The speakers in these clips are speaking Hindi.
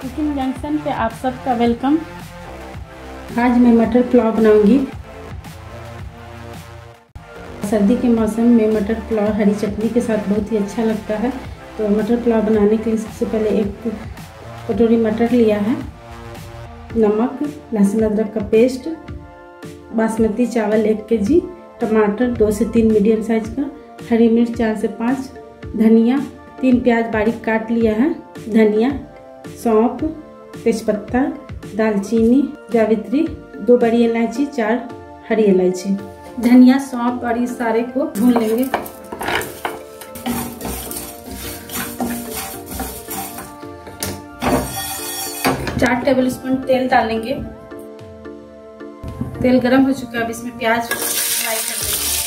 किचन जंक्शन पे आप सबका वेलकम आज मैं मटर पुलाव बनाऊंगी सर्दी के मौसम में मटर पुलाव हरी चटनी के साथ बहुत ही अच्छा लगता है तो मटर पुलाव बनाने के लिए सबसे पहले एक कटोरी मटर लिया है नमक लहसुन अदरक का पेस्ट बासमती चावल एक के जी टमाटर दो से तीन मीडियम साइज का हरी मिर्च चार से पाँच धनिया तीन प्याज बारीक काट लिया है धनिया सौंप तेजपत्ता दालचीनी जावित्री दो बड़ी इलायची चार हरी इलायची धनिया सौंप और इस सारे को भून लेंगे चार टेबल स्पून तेल डालेंगे तेल गरम हो चुका है अब इसमें प्याज फ्राई कर देंगे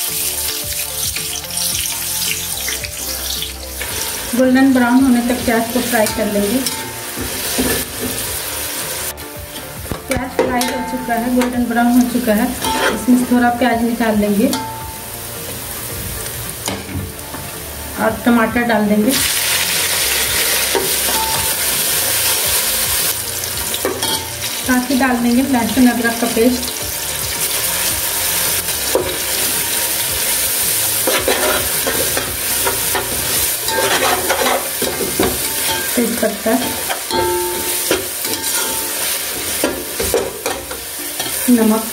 गोल्डन ब्राउन होने तक प्याज को फ्राई कर लेंगे फ्राई हो चुका है गोल्डन ब्राउन हो चुका है इसमें थोड़ा प्याज निकाल लेंगे और टमाटर डाल देंगे साथ ही डाल देंगे लहसुन अदरक का पेस्ट तेज पत्ता नमक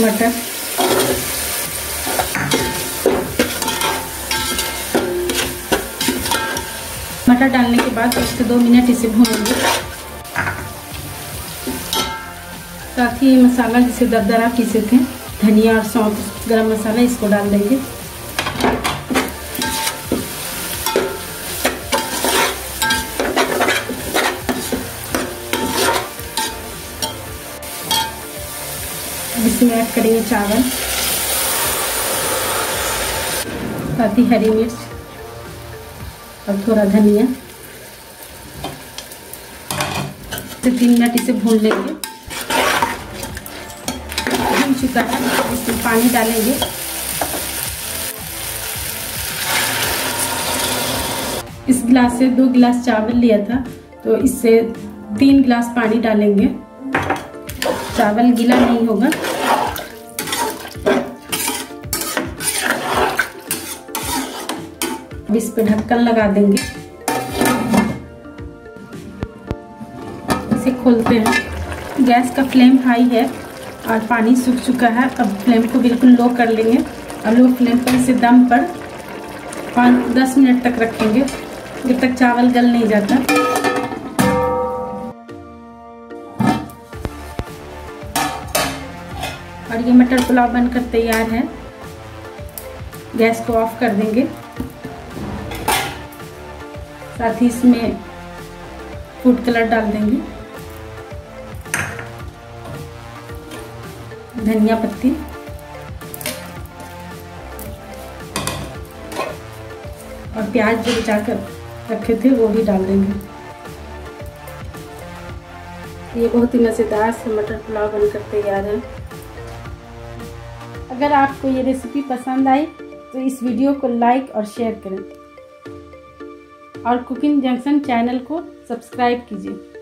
मटर मटर डालने के बाद उसके दो मिनट इसे भूनेंगे साथ ही मसाला जिसे दरदरा पीसे थे धनिया और सौंफ गरम मसाला इसको डाल देंगे इसमें ऐड करेंगे चावल आधी हरी मिर्च और थोड़ा धनिया तो तीन मिनट इसे भून लेंगे भून चुका है इसमें पानी डालेंगे इस गिलास से दो गिलास चावल लिया था तो इससे तीन गिलास पानी डालेंगे चावल गीला नहीं होगा इस पे ढक्कन लगा देंगे इसे खोलते हैं गैस का फ्लेम हाई है और पानी सूख चुका है अब फ्लेम को बिल्कुल लो कर लेंगे अब लो फ्लेम पर इसे दम पर पाँच दस मिनट तक रखेंगे जब तक चावल गल नहीं जाता और ये मटर पुलाव बनकर तैयार है गैस को ऑफ कर देंगे साथ ही इसमें फूड कलर डाल देंगे धनिया पत्ती और प्याज जो बचा कर रखे थे वो भी डाल देंगे ये बहुत ही मज़ेदार से मटर पुलाव बनकर तैयार है अगर आपको ये रेसिपी पसंद आई तो इस वीडियो को लाइक और शेयर करें और कुकिंग जंक्शन चैनल को सब्सक्राइब कीजिए